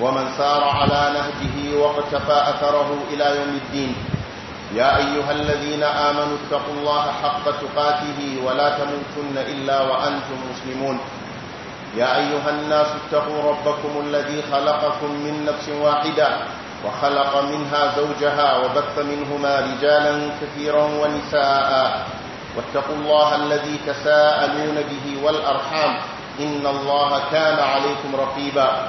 ومن سار على نهجه واقتفى أثره إلى يوم الدين يا أيها الذين آمنوا اتقوا الله حق تقاته ولا تموتن إلا وأنتم مسلمون يا أيها الناس اتقوا ربكم الذي خلقكم من نفس واحدة وخلق منها زوجها وبث منهما رجالا كثيرا ونساء واتقوا الله الذي تساءلون به والأرحام إن الله كان عليكم رقيبا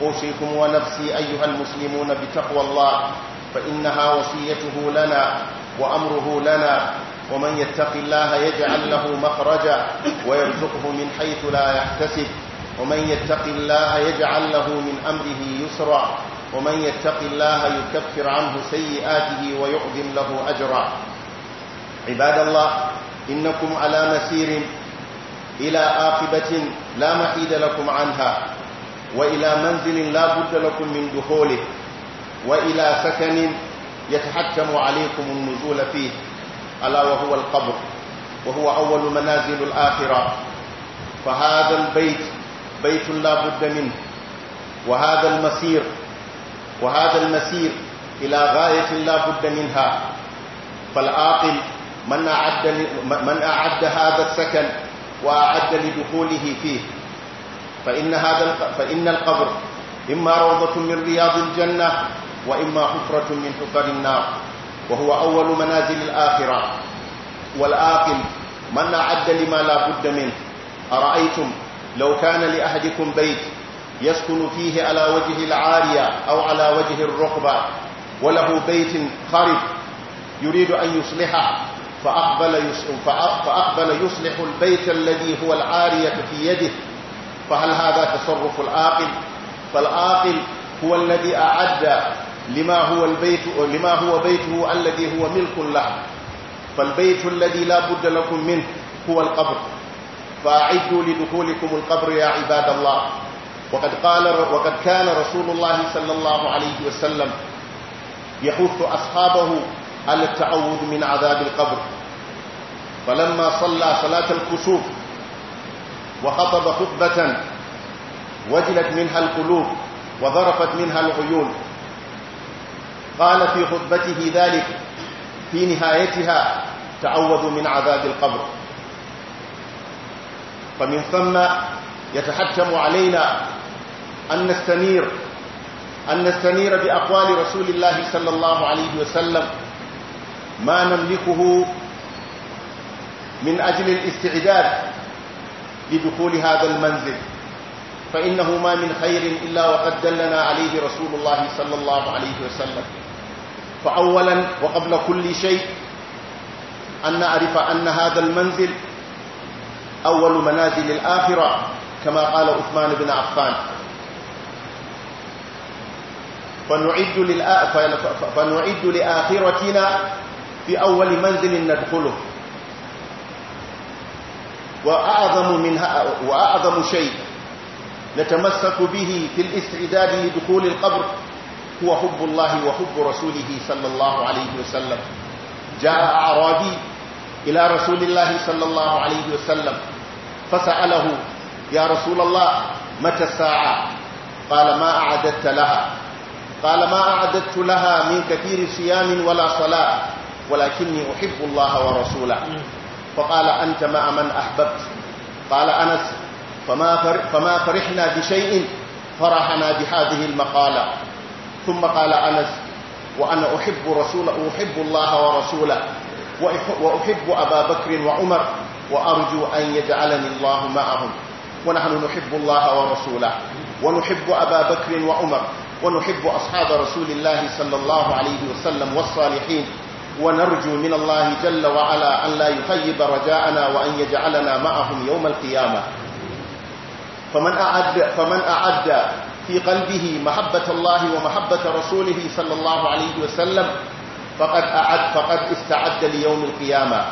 أوصيكم ونفسي أيها المسلمون بتقوى الله فإنها وصيته لنا وأمره لنا ومن يتق الله يجعل له مخرجا ويرزقه من حيث لا يحتسب ومن يتق الله يجعل له من أمره يسرا ومن يتق الله يكفر عنه سيئاته ويعظم له أجرا عباد الله إنكم على مسير إلى آقبة لا محيد لكم عنها وإلى منزل لا بد لكم من دخوله وإلى سكن يتحكم عليكم النزول فيه ألا وهو القبر وهو أول منازل الآخرة فهذا البيت بيت لا بد منه وهذا المسير وهذا المسير إلى غاية لا بد منها فالعاقل من أعد, من أعد هذا السكن وأعد لدخوله فيه فإن, هذا فإن القبر إما روضة من رياض الجنة وإما حفرة من حفر النار وهو أول منازل الآخرة والآقل من أعد لما لا بد منه أرأيتم لو كان لأحدكم بيت يسكن فيه على وجه العارية أو على وجه الرقبة وله بيت خرب يريد أن يصلحه فأقبل يصلح, فأقبل يصلح البيت الذي هو العارية في يده فهل هذا تصرف العاقل فالعاقل هو الذي أعد لما هو البيت لما هو بيته الذي هو ملك له فالبيت الذي لا بد لكم منه هو القبر فأعدوا لدخولكم القبر يا عباد الله وقد قال وقد كان رسول الله صلى الله عليه وسلم يحث أصحابه على التعوذ من عذاب القبر فلما صلى صلاة الكسوف وخطب خطبة وجلت منها القلوب وظرفت منها العيون قال في خطبته ذلك في نهايتها تعوذوا من عذاب القبر فمن ثم يتحتم علينا أن نستنير أن نستنير بأقوال رسول الله صلى الله عليه وسلم ما نملكه من أجل الاستعداد لدخول هذا المنزل فإنه ما من خير إلا وقد دلنا عليه رسول الله صلى الله عليه وسلم فأولا وقبل كل شيء أن نعرف أن هذا المنزل أول منازل الآخرة كما قال عثمان بن عفان فنعد, للآ... فنعد لآخرتنا في أول منزل ندخله وأعظم, منها وأعظم شيء نتمسك به في الاستعداد لدخول القبر هو حب الله وحب رسوله صلى الله عليه وسلم جاء أعرابي إلى رسول الله صلى الله عليه وسلم فسأله يا رسول الله متى الساعة قال ما أعددت لها قال ما أعددت لها من كثير صيام ولا صلاة ولكني أحب الله ورسوله فقال أنت مع من أحببت قال أنس فما, فر فما فرحنا بشيء فرحنا بهذه المقالة ثم قال أنس وأنا أحب, رسول أحب الله ورسوله وأحب أبا بكر وعمر وأرجو أن يجعلني الله معهم ونحن نحب الله ورسوله ونحب أبا بكر وعمر ونحب أصحاب رسول الله صلى الله عليه وسلم والصالحين ونرجو من الله جل وعلا أن لا يخيب رجاءنا وأن يجعلنا معهم يوم القيامة فمن أعد, فمن أعد في قلبه محبة الله ومحبة رسوله صلى الله عليه وسلم فقد, أعد فقد استعد ليوم القيامة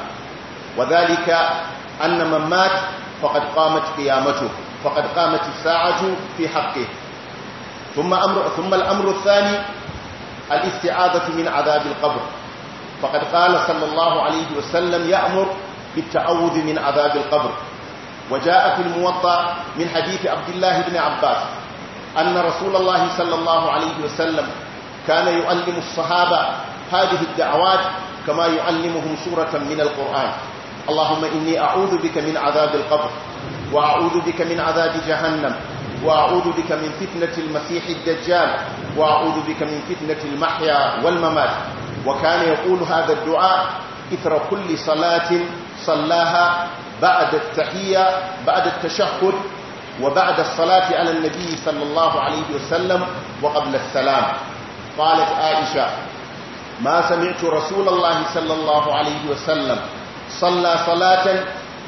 وذلك أن من مات فقد قامت قيامته فقد قامت الساعة في حقه ثم, أمر ثم الأمر الثاني الاستعاذة من عذاب القبر فقد قال صلى الله عليه وسلم يأمر بالتعوذ من عذاب القبر وجاء في الموطأ من حديث عبد الله بن عباس أن رسول الله صلى الله عليه وسلم كان يعلم الصحابة هذه الدعوات كما يعلمهم سورة من القرآن اللهم إني أعوذ بك من عذاب القبر وأعوذ بك من عذاب جهنم وأعوذ بك من فتنة المسيح الدجال وأعوذ بك من فتنة المحيا والممات وكان يقول هذا الدعاء إثر كل صلاة صلاها بعد التحية بعد التشهد وبعد الصلاة على النبي صلى الله عليه وسلم وقبل السلام قالت عائشة ما سمعت رسول الله صلى الله عليه وسلم صلى صلاة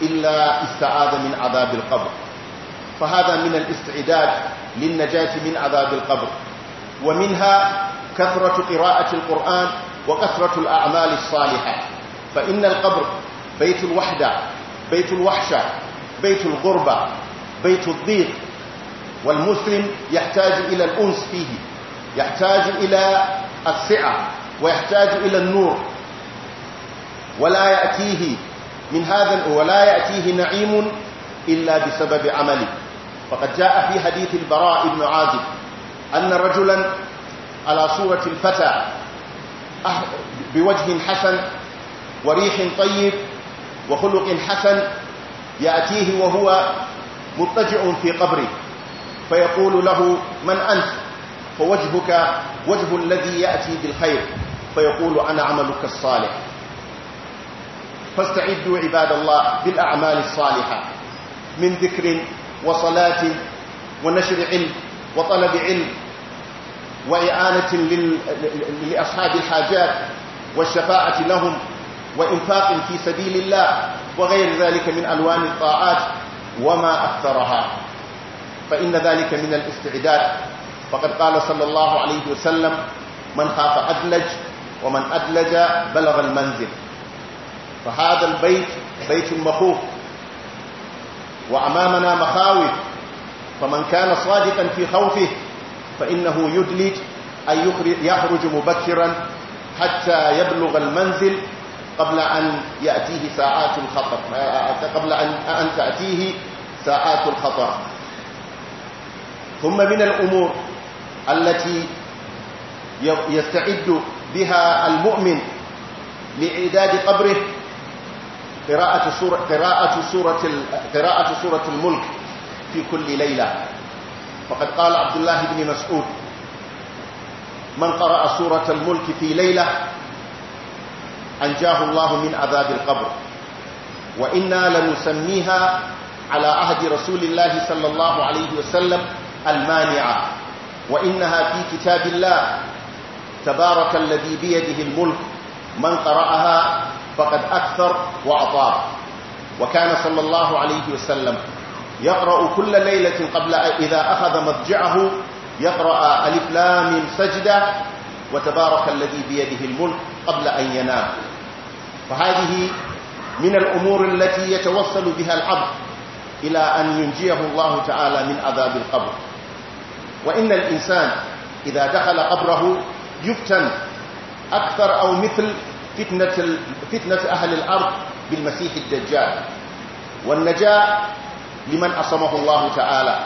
إلا استعاذ من عذاب القبر فهذا من الاستعداد للنجاة من عذاب القبر ومنها كثرة قراءة القرآن وكثرة الأعمال الصالحة فإن القبر بيت الوحدة بيت الوحشة بيت الغربة بيت الضيق والمسلم يحتاج إلى الأنس فيه يحتاج إلى السعة ويحتاج إلى النور ولا يأتيه من هذا ولا يأتيه نعيم إلا بسبب عمله فقد جاء في حديث البراء بن عازب أن رجلا على صورة الفتى بوجه حسن وريح طيب وخلق حسن يأتيه وهو متجع في قبره فيقول له من أنت فوجهك وجه الذي يأتي بالخير فيقول أنا عملك الصالح فاستعدوا عباد الله بالأعمال الصالحة من ذكر وصلاة ونشر علم وطلب علم وإعانة لأصحاب الحاجات والشفاعة لهم وإنفاق في سبيل الله وغير ذلك من ألوان الطاعات وما أكثرها فإن ذلك من الاستعداد فقد قال صلى الله عليه وسلم من خاف أدلج ومن أدلج بلغ المنزل فهذا البيت بيت مخوف وأمامنا مخاوف فمن كان صادقا في خوفه فإنه يدلج أن يخرج مبكرا حتى يبلغ المنزل قبل أن يأتيه ساعات الخطر قبل أن تأتيه ساعات الخطر ثم من الأمور التي يستعد بها المؤمن لإعداد قبره قراءة سورة, قراءة سورة, قراءة سورة الملك في كل ليلة وقد قال عبد الله بن مسعود من قرأ سورة الملك في ليلة أنجاه الله من عذاب القبر وإنا لنسميها على عهد رسول الله صلى الله عليه وسلم المانعة وإنها في كتاب الله تبارك الذي بيده الملك من قرأها فقد أكثر وأطار وكان صلى الله عليه وسلم يقرأ كل ليلة قبل إذا أخذ مضجعه يقرأ ألف لام سجدة وتبارك الذي بيده الملك قبل أن ينام فهذه من الأمور التي يتوصل بها العبد إلى أن ينجيه الله تعالى من عذاب القبر وإن الإنسان إذا دخل قبره يفتن أكثر أو مثل فتنة, فتنة أهل الأرض بالمسيح الدجال والنجاة لمن أصمه الله تعالى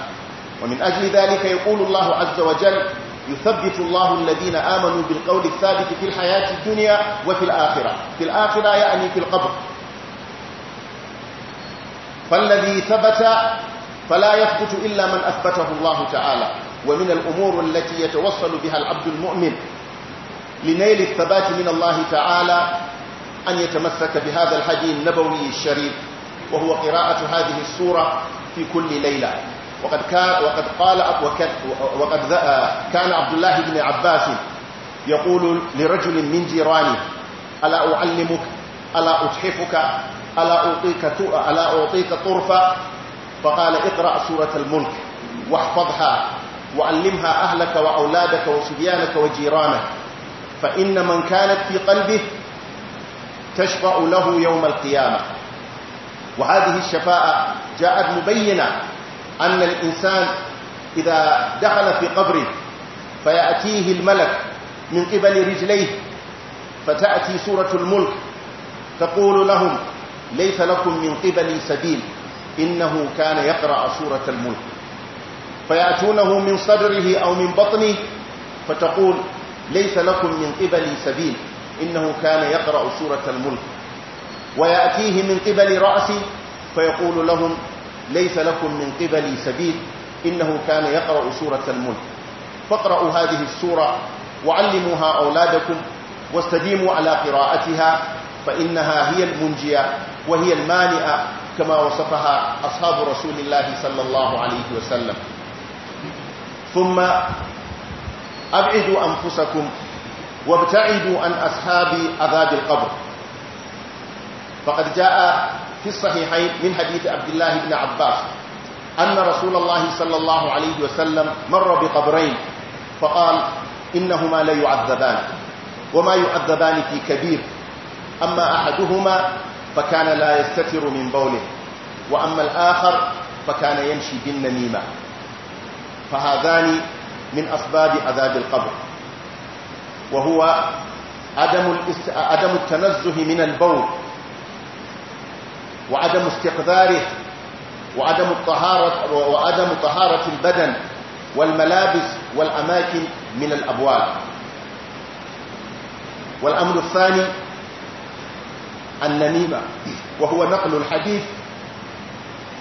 ومن أجل ذلك يقول الله عز وجل يثبت الله الذين آمنوا بالقول الثابت في الحياة الدنيا وفي الآخرة في الآخرة يعني في القبر فالذي ثبت فلا يثبت إلا من أثبته الله تعالى ومن الأمور التي يتوصل بها العبد المؤمن لنيل الثبات من الله تعالى أن يتمسك بهذا الحديث النبوي الشريف وهو قراءة هذه السورة في كل ليلة وقد كان وقد قال وكان وقد آه، كان عبد الله بن عباس يقول لرجل من جيرانه ألا أعلمك ألا أتحفك ألا أعطيك ألا أعطيك طرفة فقال اقرأ سورة الملك واحفظها وعلمها أهلك وأولادك وصبيانك وجيرانك فإن من كانت في قلبه تشفع له يوم القيامة وهذه الشفاعة جاءت مبينة أن الإنسان إذا دخل في قبره فيأتيه الملك من قبل رجليه فتأتي سورة الملك تقول لهم ليس لكم من قبل سبيل إنه كان يقرأ سورة الملك فيأتونه من صدره أو من بطنه فتقول ليس لكم من قبل سبيل إنه كان يقرأ سورة الملك ويأتيه من قبل رأسي فيقول لهم ليس لكم من قبلي سبيل إنه كان يقرأ سورة الملك فاقرأوا هذه السورة وعلموها أولادكم واستديموا على قراءتها فإنها هي المنجية وهي المانئة كما وصفها أصحاب رسول الله صلى الله عليه وسلم ثم أبعدوا أنفسكم وابتعدوا عن أصحاب أذاب القبر فقد جاء في الصحيحين من حديث عبد الله بن عباس أن رسول الله صلى الله عليه وسلم مر بقبرين فقال إنهما لا يعذبان وما يعذبان في كبير أما أحدهما فكان لا يستتر من بوله وأما الآخر فكان يمشي بالنميمة فهذان من أسباب عذاب القبر وهو عدم, عدم التنزه من البول وعدم استقذاره وعدم الطهارة وعدم طهارة البدن والملابس والأماكن من الأبواب والأمر الثاني النميمة وهو نقل الحديث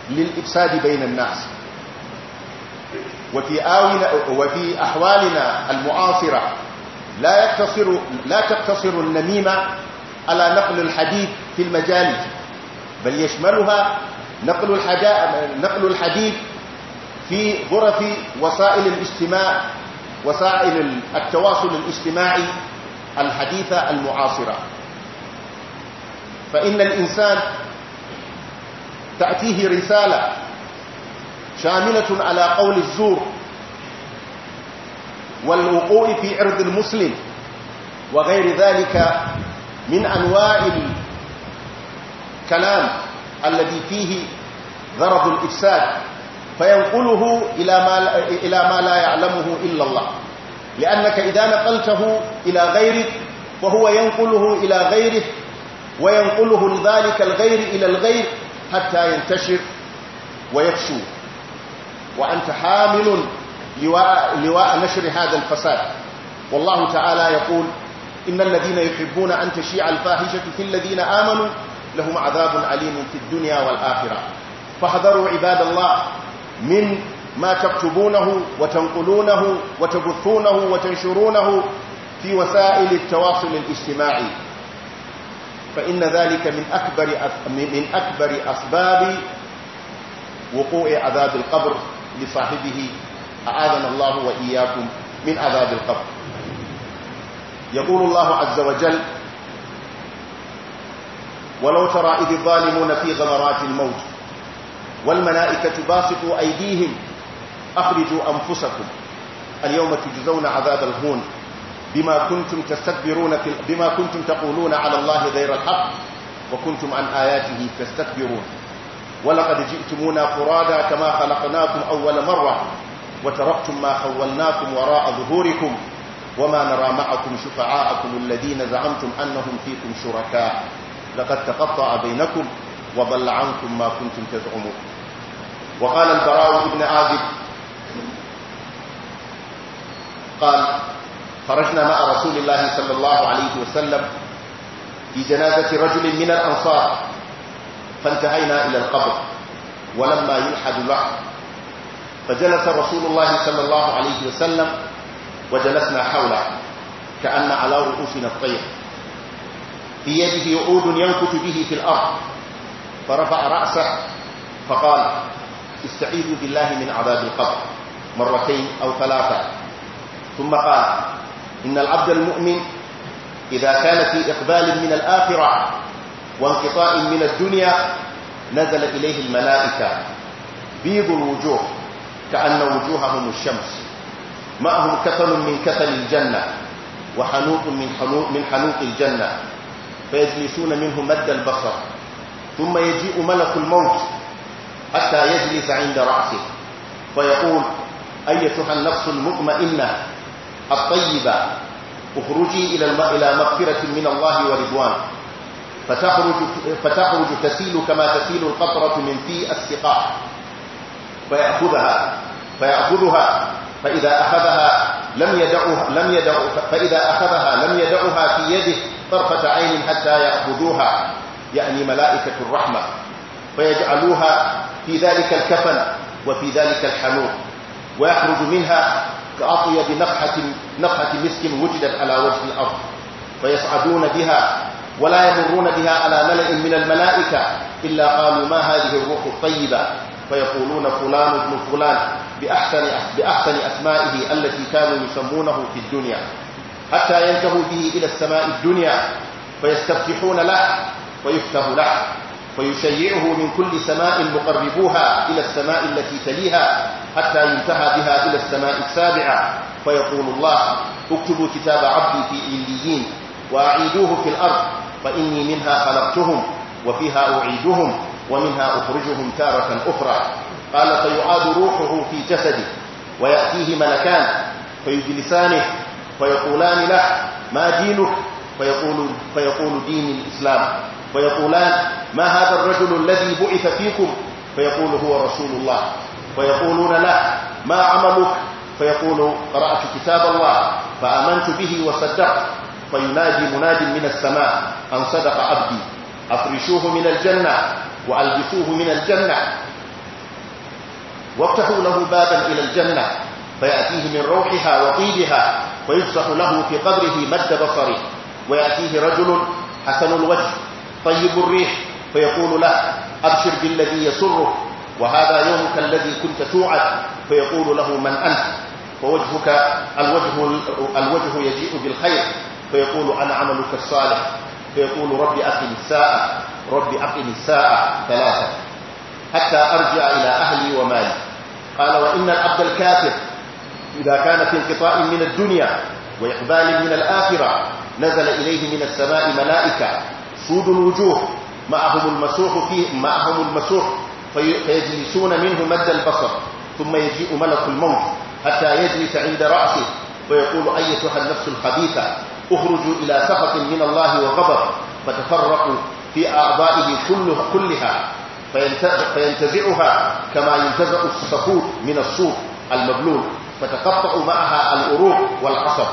للإفساد بين الناس وفي, آونا وفي أحوالنا المعاصرة لا, يقتصر لا تقتصر النميمة على نقل الحديث في المجالس بل يشملها نقل نقل الحديث في غرف وسائل الاجتماع وسائل التواصل الاجتماعي الحديثة المعاصرة فإن الإنسان تأتيه رسالة شاملة على قول الزور والوقوع في عرض المسلم وغير ذلك من أنواع الكلام الذي فيه غرض الإفساد فينقله إلى ما, إلى ما لا يعلمه إلا الله لأنك إذا نقلته إلى غيرك فهو ينقله إلى غيره وينقله لذلك الغير إلى الغير حتى ينتشر ويفشو وأنت حامل لواء, لواء نشر هذا الفساد والله تعالى يقول إن الذين يحبون أن تشيع الفاحشة في الذين آمنوا لهم عذاب عليم في الدنيا والآخرة فاحذروا عباد الله من ما تكتبونه وتنقلونه وتبثونه وتنشرونه في وسائل التواصل الاجتماعي فإن ذلك من أكبر من أكبر أسباب وقوع عذاب القبر لصاحبه أعاذنا الله وإياكم من عذاب القبر يقول الله عز وجل ولو ترى إذ الظالمون في غمرات الموت والملائكة باسطوا أيديهم أخرجوا أنفسكم اليوم تجزون عذاب الهون بما كنتم تستكبرون بما كنتم تقولون على الله غير الحق وكنتم عن آياته تستكبرون ولقد جئتمونا فرادا كما خلقناكم أول مرة وتركتم ما خولناكم وراء ظهوركم وما نرى معكم شفعاءكم الذين زعمتم أنهم فيكم شركاء لقد تقطع بينكم وضل عنكم ما كنتم تزعمون وقال البراء بن عازب قال خرجنا مع رسول الله صلى الله عليه وسلم في جنازة رجل من الأنصار فانتهينا إلى القبر ولما يلحد له فجلس رسول الله صلى الله عليه وسلم وجلسنا حوله كأن على رؤوسنا الطير في يده عود ينكت به في الأرض فرفع رأسه فقال استعيذ بالله من عذاب القبر مرتين أو ثلاثة ثم قال إن العبد المؤمن إذا كان في إقبال من الآخرة وانقطاع من الدنيا نزل إليه الملائكة بيض الوجوه كأن وجوههم الشمس معهم كفن من كفن الجنة وحنوط من من حنوط الجنة فيجلسون منه مد البصر ثم يجيء ملك الموت حتى يجلس عند رأسه فيقول أيتها النفس المطمئنة الطيبة اخرجي إلى مغفرة من الله ورضوان فتخرج, فتخرج تسيل كما تسيل القطرة من في السقاء فيأخذها فيأخذها فإذا أخذها لم يدعها, لم يدعها فإذا أخذها لم يدعها في يده طرفة عين حتى يأخذوها يعني ملائكة الرحمة فيجعلوها في ذلك الكفن وفي ذلك الحنور ويخرج منها كأطيب نفحة, نفحة مسك وجدت على وجه الأرض فيصعدون بها ولا يمرون بها على ملأ من الملائكة إلا قالوا ما هذه الروح الطيبة فيقولون فلان ابن فلان بأحسن, بأحسن أسمائه التي كانوا يسمونه في الدنيا حتى ينتهوا به إلى السماء الدنيا فيستفتحون له ويفتح له فيشيعه من كل سماء مقربوها إلى السماء التي تليها حتى ينتهى بها إلى السماء السابعة فيقول الله اكتبوا كتاب عبدي في إليين وأعيدوه في الأرض فإني منها خلقتهم وفيها أعيدهم ومنها أخرجهم تارة أخرى قال فيعاد روحه في جسده ويأتيه ملكان فيجلسانه فيقولان له ما دينك فيقول, فيقول دين الإسلام فيقولان ما هذا الرجل الذي بعث فيكم فيقول هو رسول الله فيقولون له ما عملك فيقول قرأت كتاب الله فآمنت به وصدقت فينادي مناد من السماء أن صدق عبدي أفرشوه من الجنة وألبسوه من الجنة وافتحوا له بابا إلى الجنة فيأتيه من روحها وطيبها فيفسح له في قبره مد بصره ويأتيه رجل حسن الوجه طيب الريح فيقول له أبشر بالذي يسره وهذا يومك الذي كنت توعد فيقول له من أنت ووجهك الوجه, الوجه يجيء بالخير فيقول أنا عملك الصالح فيقول ربي أقم الساعة ربي أقم الساعة ثلاثة حتى أرجع إلى أهلي ومالي قال وإن العبد الكافر إذا كان في انقطاع من الدنيا وإقبال من الآخرة نزل إليه من السماء ملائكة سود الوجوه معهم المسوح فيه معهم المسوح فيجلسون منه مد البصر ثم يجيء ملك الموت حتى يجلس عند رأسه ويقول أيتها النفس الخبيثة اخرجوا إلى سخط من الله وغضب فتفرقوا في أعضائه كلها كلها فينتزعها كما ينتزع الصفور من الصوف المبلول فتقطع معها الأروق والعصب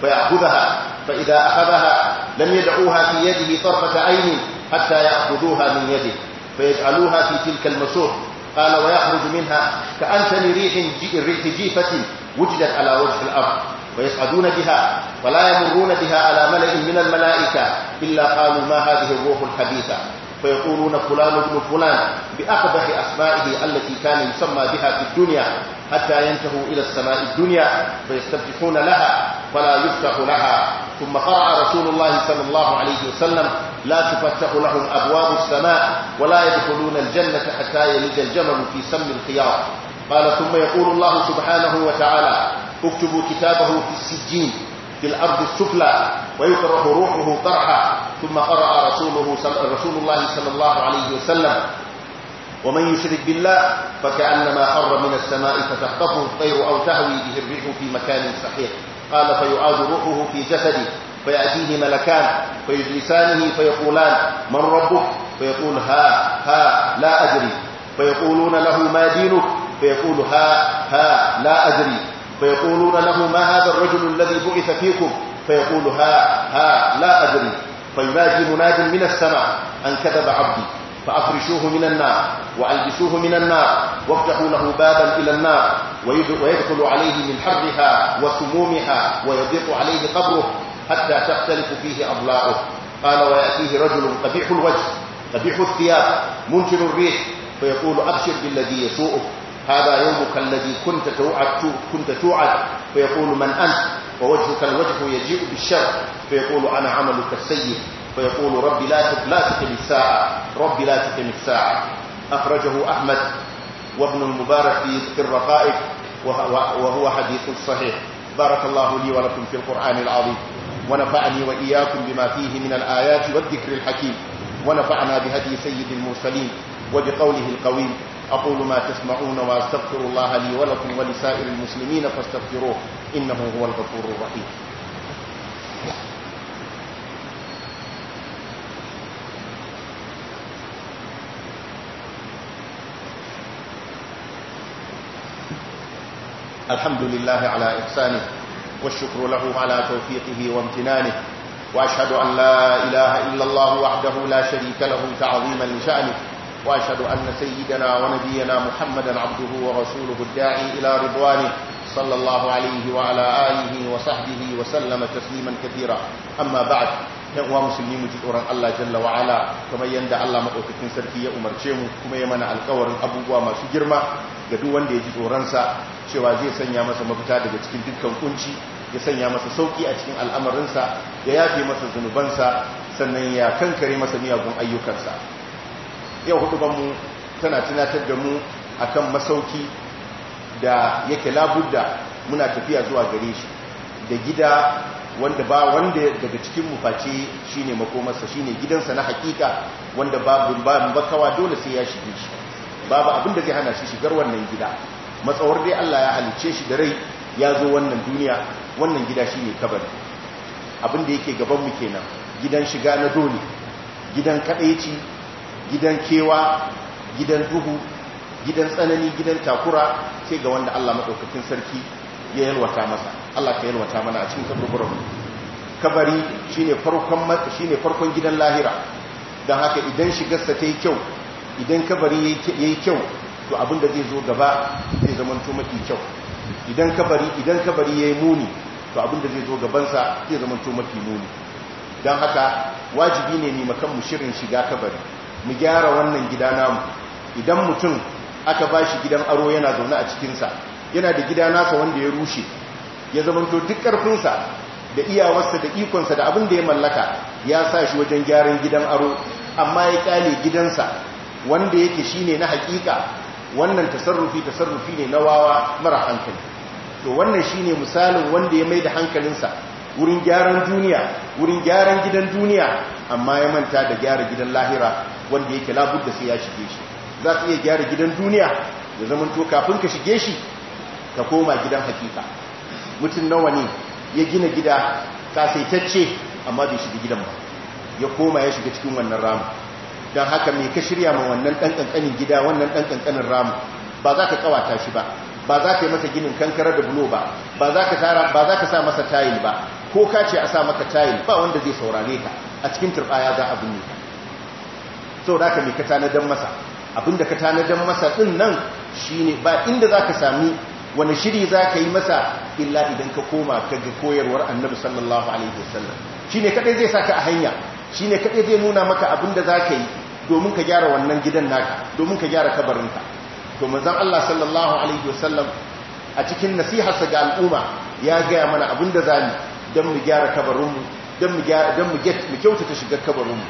فيأخذها فإذا أخذها لم يدعوها في يده طرفة عين حتى يأخذوها من يده فيجعلوها في تلك المسوح قال ويخرج منها كأنتن ريح, ريح جيفة وجدت على وجه الأرض ويصعدون بها ولا يمرون بها على ملئ من الملائكة إلا قالوا ما هذه الروح الحديثة فيقولون فلان ابن فلان بأقبح أسمائه التي كان يسمى بها في الدنيا حتى ينتهوا إلى السماء الدنيا فيستفتحون لها فلا يفتح لها ثم قرأ رسول الله صلى الله عليه وسلم لا تفتح لهم أبواب السماء ولا يدخلون الجنة حتى يلد الجمل في سم الخيار قال ثم يقول الله سبحانه وتعالى اكتبوا كتابه في السجين في الأرض السفلى ويكره روحه طرحا ثم قرأ رسوله رسول الله صلى الله عليه وسلم ومن يشرك بالله فكأنما خر من السماء فتخطفه الطير أو تهوي به الريح في مكان صحيح قال فيعاد روحه في جسده فيأتيه ملكان فيجلسانه فيقولان من ربك فيقول ها ها لا أدري فيقولون له ما دينك فيقول ها ها لا أدري فيقولون له ما هذا الرجل الذي بعث فيكم فيقول ها ها لا أدري فينادي مناد من السماء أن كذب عبدي فأفرشوه من النار وألبسوه من النار وافتحوا له بابا إلى النار ويدخل عليه من حرها وسمومها ويضيق عليه قبره حتى تختلف فيه أضلاعه قال ويأتيه رجل قبيح الوجه قبيح الثياب منكر الريح فيقول أبشر بالذي يسوءك هذا يومك الذي كنت توعد, كنت توعد فيقول من أنت ووجهك الوجه يجيء بالشر فيقول أنا عملك السيء فيقول ربي لا لا تقم الساعة ربي لا تقم الساعة أخرجه أحمد وابن المبارك في الرقائق وهو حديث صحيح بارك الله لي ولكم في القرآن العظيم ونفعني وإياكم بما فيه من الآيات والذكر الحكيم ونفعنا بهدي سيد المرسلين وبقوله القويم أقول ما تسمعون وأستغفر الله لي ولكم ولسائر المسلمين فاستغفروه إنه هو الغفور الرحيم الحمد لله على إحسانه والشكر له على توفيقه وامتنانه وأشهد أن لا إله إلا الله وحده لا شريك له تعظيما لشأنه وأشهد أن سيدنا ونبينا محمدا عبده ورسوله الداعي إلى رضوانه صلى الله عليه وعلى آله وصحبه وسلم تسليما كثيرا أما بعد uwa musulmi mu ji tsoron Allah jalla wa ala kamar yanda Allah madaukakin sarki ya umarce mu kuma ya mana alƙawarin abubuwa masu girma ga duk wanda ya ji tsoron sa cewa zai sanya masa mafita daga cikin dukkan kunci ya sanya masa sauki a cikin al'amarinsa ya yafe masa zunubansa sannan ya kankare masa miyagun ayyukansa yau hudubanmu tana tunatar da mu a kan masauki da yake labudda muna tafiya zuwa gare shi da gida wanda ba wanda daga cikin mufaci shine makomarsa shine gidansa na hakika wanda babu ba kawa dole sai ya shige shi babu abin da zai hana shi shigar wannan gida matsawar dai Allah ya halice shi da rai ya zo wannan duniya wannan gida shi ne kabari abin da yake gabanmu kenan gidan shiga na dole gidan kadaici gidan kewa gidan duhu gidan tsanani gidan takura sai ga wanda Allah maɗaukakin sarki ya yalwata masa Allah ka yalwata mana a cikin kaburburan kabari shine farkon shine farkon gidan lahira don haka idan shigarsa ta yi kyau idan kabari ya yi kyau to abin da zai zo gaba zai to mafi kyau idan kabari idan kabari yayi muni to abin da zai zo gabansa zai to mafi muni don haka wajibi ne mu makan mu shirin shiga kabari mu gyara wannan gida namu idan mutum aka bashi gidan aro yana zaune a cikinsa yana da gida nasa wanda ya rushe ya zamanto duk karfinsa da iyawarsa da ikonsa da abin da ya mallaka ya sa shi wajen gyaran gidan aro amma ya kyale gidansa wanda yake shine na hakika wannan tasarrufi tasarrufi ne na wawa mara hankali to wannan shine misalin wanda ya mai da hankalinsa wurin gyaran duniya wurin gyaran gidan duniya amma ya manta da gyara gidan lahira wanda yake labudda sai ya shige shi za ka iya gyara gidan duniya ya zaman to kafin ka shige shi ka koma gidan hakika mutum nawa ne ya gina gida kasaitacce amma bai shiga gidan ba ya koma ya shiga cikin wannan ramu don haka mai ka shirya ma wannan ɗan ƙanƙanin gida wannan ɗan ƙanƙanin ramu ba za ka ƙawata shi ba ba za ka yi masa ginin kankara da bulo ba ba za ka sa masa tayil ba ko ka ce a sa maka tayil ba wanda zai saurare ka a cikin turɓaya za a binne ka sau da ka mai ka tanadan masa Abin da ka tanadan masa ɗin nan shi ne ba inda za ka sami wani shiri za ka yi masa illa idan ka koma ka ga koyarwar annabi sallallahu alaihi wasallam shi ne kaɗai zai sa ka a hanya shi ne kaɗai zai nuna maka abin da za ka yi domin ka gyara wannan gidan naka domin ka gyara kabarinka domin zan Allah sallallahu alaihi wasallam a cikin nasiharsa ga al'umma ya gaya mana abin da za mu don mu gyara kabarinmu don mu kyautata shigar kabarinmu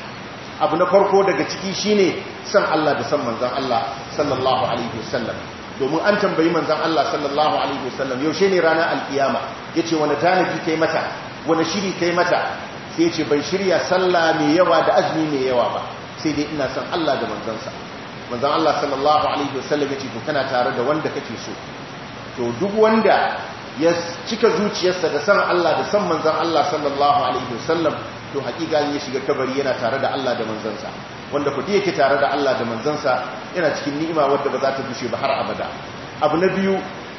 abu na farko daga ciki shi ne san Allah da san manzan Allah sallallahu alaihi wasallam domin an tambayi manzan Allah sallallahu alaihi wasallam yaushe ne ranar alkiyama ce wani tanadi kai mata wani shiri kai mata sai ce ban shirya sallah mai yawa da azumi mai yawa ba sai dai ina san Allah da manzansa manzan Allah sallallahu alaihi wasallam yace to kana tare da wanda kake so to duk wanda ya cika zuciyarsa da san Allah da san manzan Allah sallallahu alaihi wasallam to hakika ya shiga kabari yana tare da Allah da manzansa wanda kudi yake tare da Allah da manzansa yana cikin ni'ima wadda ba za ta bushe ba har abada abu na biyu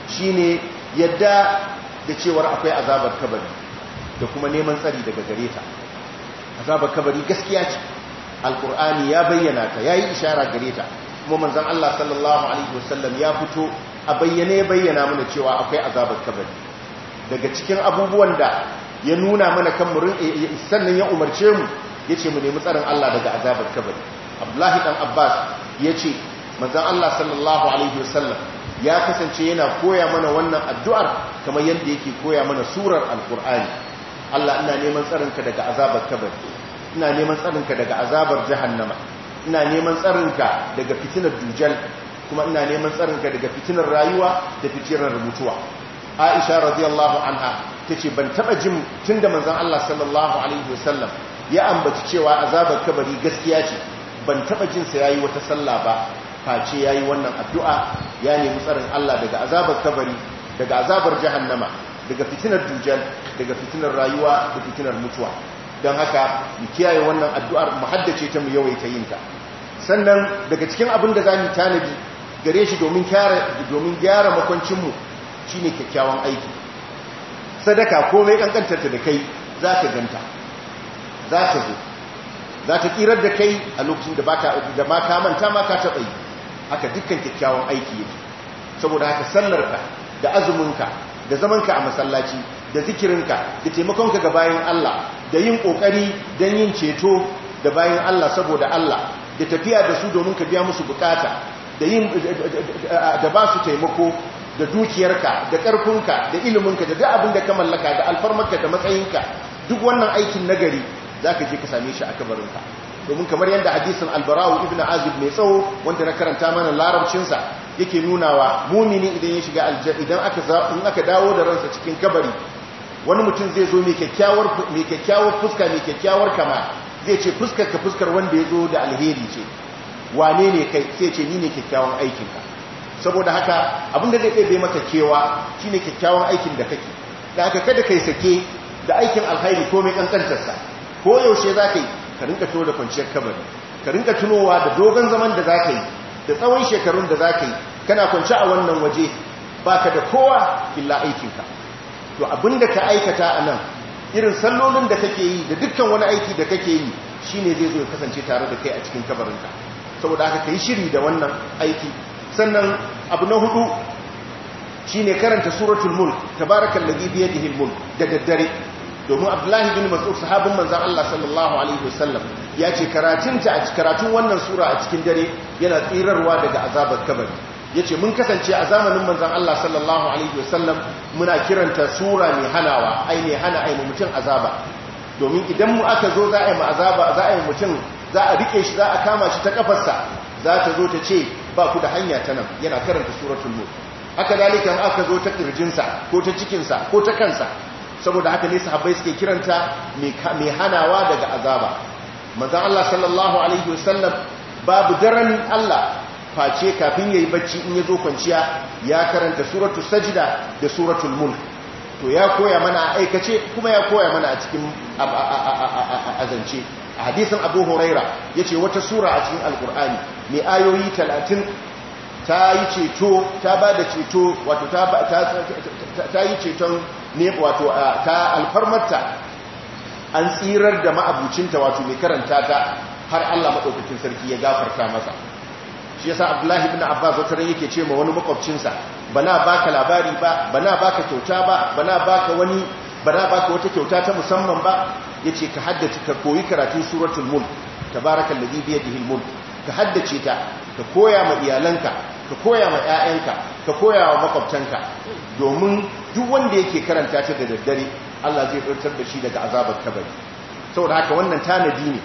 shine yadda da cewar akwai azabar kabari da kuma neman tsari daga gare ta azabar kabari gaskiya ce alkur'ani ya bayyana ta yayi ishara gare ta kuma manzon Allah sallallahu alaihi wasallam ya fito a bayyane ya bayyana mana cewa akwai azabar kabari daga cikin abubuwan da ya nuna mana kan murin sannan ya umarce mu yace mu nemi tsarin Allah daga azabar kabari Abdullahi dan Abbas yace manzon Allah sallallahu alaihi wasallam ya kasance yana koya mana wannan addu'ar kamar yadda yake koya mana surar alkur'ani Allah ina neman tsarinka daga azabar kabari ina neman tsarinka daga azabar jahannama ina neman tsarinka daga fitinar dujal kuma ina neman tsarinka daga fitinar rayuwa da fitinar mutuwa Aisha radiyallahu anha tace ban taba jin tunda manzon Allah sallallahu alaihi wasallam ya ambaci cewa azabar kabari gaskiya ce ban taba jin sa yayi wata sallah ba face yayi wannan addu'a ya nemi tsarin Allah daga azabar kabari daga azabar jahannama daga fitinar dujal daga fitinar rayuwa da fitinar mutuwa don haka mu kiyaye wannan addu'ar mu haddace ta mu yawaita yin ta sannan daga cikin abin da zamu tanadi gare shi domin gyara makwancin mu shine kyakkyawan aiki sadaka komai kankantar ta da kai za ka ganta za ta zo za ta tsirar da kai a lokacin da baka da ma ka manta ma ka taɓa yi haka dukkan kyakkyawan aiki yake saboda haka sallarka da azumin ka da zamanka a masallaci da zikirinka da taimakonka ga bayan Allah da yin kokari don yin ceto da bayan Allah saboda Allah da tafiya da su domin ka biya musu bukata da yin da ba su taimako da dukiyarka da karfinka da iliminka da duk abin da ka mallaka da alfarmarka da matsayinka duk wannan aikin nagari zaka je ka same shi a kabarinka domin kamar yadda hadisin albarawu ibn azib mai tsawo wanda na karanta mana larabcinsa yake nunawa mumini idan ya shiga aljanna idan aka dawo da ransa cikin kabari wani mutum zai zo mai kyakkyawar fuska mai kyakkyawar kama zai ce fuskar ka fuskar wanda ya zo da alheri ce wane ne kai sai ce ni ne kyakkyawan aikinka saboda haka abinda zai ɗaiɗe maka kewa shine kyakkyawan aikin da kake da haka kada kai sake da aikin alhari ko mai ƙanƙantarsa ko yaushe za ka yi ka rinka to da kwanciyar kabari ka rinka tunowa da dogon zaman da za ka yi da tsawon shekarun da za ka yi kana kwanci a wannan waje baka da kowa illa aikinka to abin da ka aikata a nan irin sallolin da kake yi da dukkan wani aiki da kake yi shine zai zo ya kasance tare da kai a cikin kabarinka saboda haka kai shiri da wannan aiki sannan abu na hudu shine karanta suratul mulk ta ladhi bi yadihi mulk da daddare domin abdullahi bin mas'ud sahabin manzon Allah sallallahu alaihi wasallam ya ce karatun karatun wannan sura a cikin dare yana tsirarwa daga azabar kabari ya ce mun kasance a zamanin manzan Allah sallallahu Alaihi wasallam muna kiranta sura mai hanawa ai mai hana ai mutum azaba domin idan mu aka zo za a yi azaba za a yi mutum za a rike shi za a kama shi ta kafarsa za ta zo ta ce ba ku da hanya ta nan yana karanta suratul mulk haka dalikan aka zo ta kirjinsa ko ta cikinsa ko ta kansa saboda haka ne sahabbai suke kiranta mai hanawa daga azaba manzan Allah sallallahu alaihi wasallam babu daren Allah face kafin ya yi bacci in ya zo kwanciya ya karanta suratul sajda da suratul mulk to ya koya mana a aikace kuma ya koya mana a cikin azance a hadisin abu huraira ya ce wata sura a cikin alkur'ani mai ayoyi talatin ta yi ceto ta ba da ceto wato ta yi ceton ne wato ta alfarmarta an tsirar da ma'abucinta wato mai karanta ta har allah maɗaukakin sarki ya gafarta masa shi yasa abdullahi bin abbas wata yake ce ma wani makwabcinsa bana baka labari ba bana baka kyauta ba bana baka wani bana baka wata kyauta ta musamman ba yace ka haddace ka koyi karatun suratul mulk tabarakallazi bi da mulk ka haddace ta ka koya ma iyalanka ka koya ma 'ya'yanka ka koya wa makwabtanka domin duk wanda yake karanta ta da daddare Allah zai ɗautar da shi daga azabar kabari saboda haka wannan tanadi ne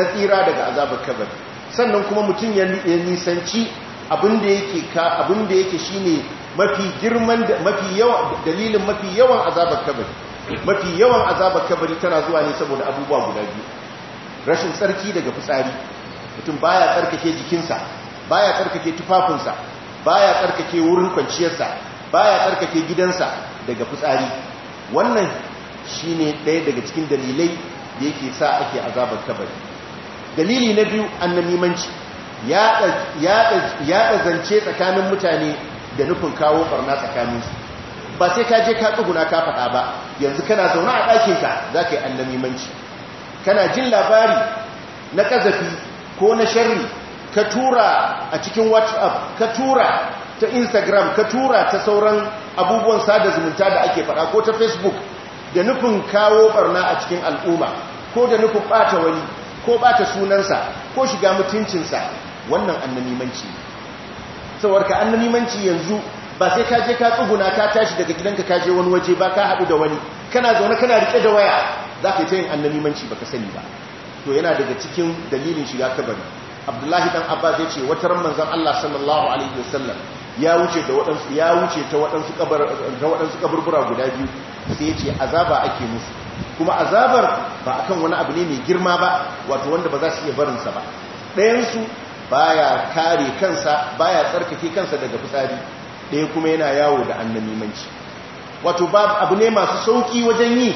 na tsira daga azabar kabari sannan kuma mutum ya nisanci abinda yake ka abinda yake shine mafi girman mafi yawan dalilin mafi yawan azabar kabari mafi yawan azabar kabari tana zuwa ne saboda abubuwa guda biyu rashin tsarki daga fitsari mutum baya tsarkake jikinsa baya tsarkake tufafinsa baya tsarkake wurin kwanciyarsa baya tsarkake gidansa daga fitsari wannan shine ɗaya daga cikin dalilai da yake sa ake azabar kabari dalili na biyu annamimanci ya zance tsakanin mutane da nufin kawo barna tsakaninsu ba sai ka je ka tsuguna ka faɗa ba yanzu kana zaune a ɗakin za ka yi annamimanci kana jin labari na ƙazafi ko na sharri ka tura a cikin whatsapp ka tura ta instagram ka tura ta sauran abubuwan sada zumunta da ake faɗa ko ta facebook da nufin kawo ɓarna a cikin al'umma ko da nufin ɓata wani ko bata sunansa ko shiga mutuncinsa wannan annamimanci ka annanimanci yanzu ba sai ka je ka tsuguna ka tashi daga gidanka kaje wani waje ba ka haɗu da wani kana zaune kana rike da waya za ka yi ta yin annanimanci ba ka sani ba to yana daga cikin dalilin shiga kabari abdullahi dan abba zai ce wata ran manzon allah sallallahu alaihi wasallam ya wuce da waɗansu ya wuce ta waɗansu kabar ta waɗansu kaburbura guda biyu sai ya ce azaba ake musu kuma azabar ba kan wani abu ne mai girma ba wato wanda ba za su iya barinsa ba ɗayansu ba ya kare kansa ba ya tsarkake kansa daga fitsari ɗaya kuma yana yawo da annamimanci wato ba abu ne masu sauki wajen yi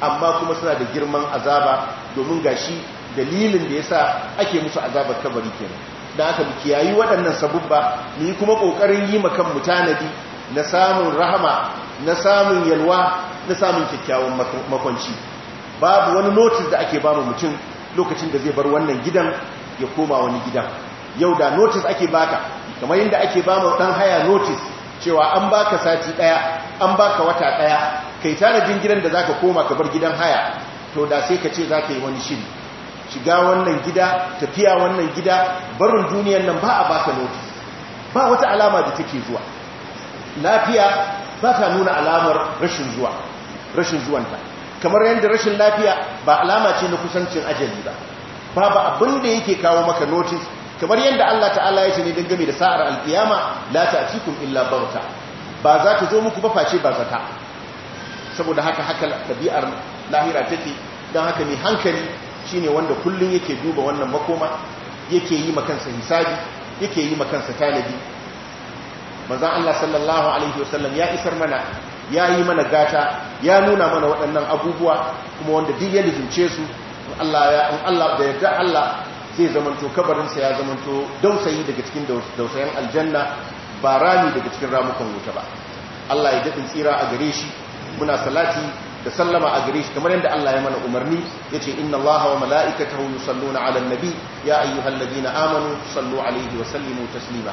amma kuma suna da girman azaba domin gashi dalilin da ya yasa ake musu azabar kabari kenan dan aka bi kiyayi waɗannan sabubba ni kuma ƙoƙarin yi makan mutanadi na samun rahama na samun yalwa na samun kyakkyawan makwanci babu wani notis da ake bamu mutum lokacin da zai bar wannan gidan ya koma wani gidan yau da notis ake baka kamar yadda ake bamu dan haya notis cewa an baka sati daya an baka wata daya kai tanadin gidan da zaka koma ka bar gidan haya to da sai ka ce zaka yi wani shiri shiga wannan gida tafiya wannan gida barin duniyar nan ba a baka notis. ba wata alama da take zuwa lafiya ba ta nuna alamar rashin zuwa rashin zuwanta kamar yadda rashin lafiya ba alama ce na kusancin ajali ba babu abin da yake kawo maka notice kamar yadda Allah ta'ala ya ce ne dangane da sa'ar alkiyama la ta'tikum illa bauta ba za ta zo muku ba face ba ta? saboda haka haka tabi'ar lahira take dan haka mai hankali shine wanda kullun yake duba wannan makoma yake yi kansa hisabi yake yi makansa tanadi manzon Allah sallallahu alaihi wasallam ya isar mana ya yi mana gata ya nuna mana waɗannan abubuwa kuma wanda duk ya lizince su in Allah da yarda Allah zai zamanto kabarinsa ya zamanto dausayi daga cikin dausayen aljanna ba rami daga cikin ramukan wuta ba Allah ya daɗin tsira a gare shi muna salati da sallama a gare shi kamar yadda Allah ya mana umarni ya ce inna Allah wa mala'ikatahu yusalluna ala nabi ya ayyuhal na amanu sallu alaihi wa sallimu taslima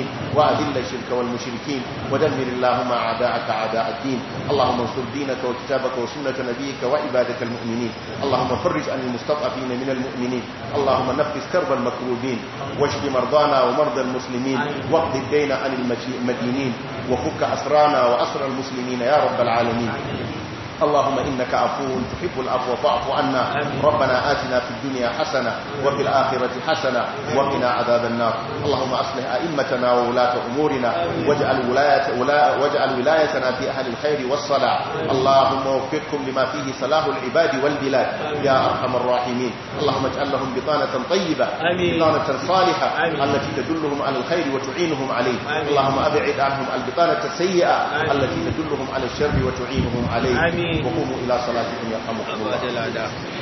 المسلمين وأذل الشرك والمشركين ودمر اللهم أعداءك أعداء الدين اللهم انصر دينك وكتابك وسنة نبيك وعبادك المؤمنين اللهم فرج عن المستضعفين من المؤمنين اللهم نفس كرب المكروبين واشف مرضانا ومرضى المسلمين واقض الدين عن المدينين وفك أسرانا وأسر المسلمين يا رب العالمين اللهم إنك عفو تحب العفو فاعف عنا ربنا آتنا في الدنيا حسنة وفي الآخرة حسنة وقنا عذاب النار اللهم أصلح أئمتنا وولاة أمورنا واجعل, ولاية ولا واجعل ولايتنا في أهل الخير والصلاة اللهم وفقكم لما فيه صلاح العباد والبلاد يا أرحم الراحمين اللهم اجعل لهم بطانة طيبة بطانة صالحة التي تدلهم على الخير وتعينهم عليه اللهم أبعد عنهم البطانة السيئة التي تدلهم على الشر وتعينهم عليه وقوموا الی صلاتکم یرحمکم الله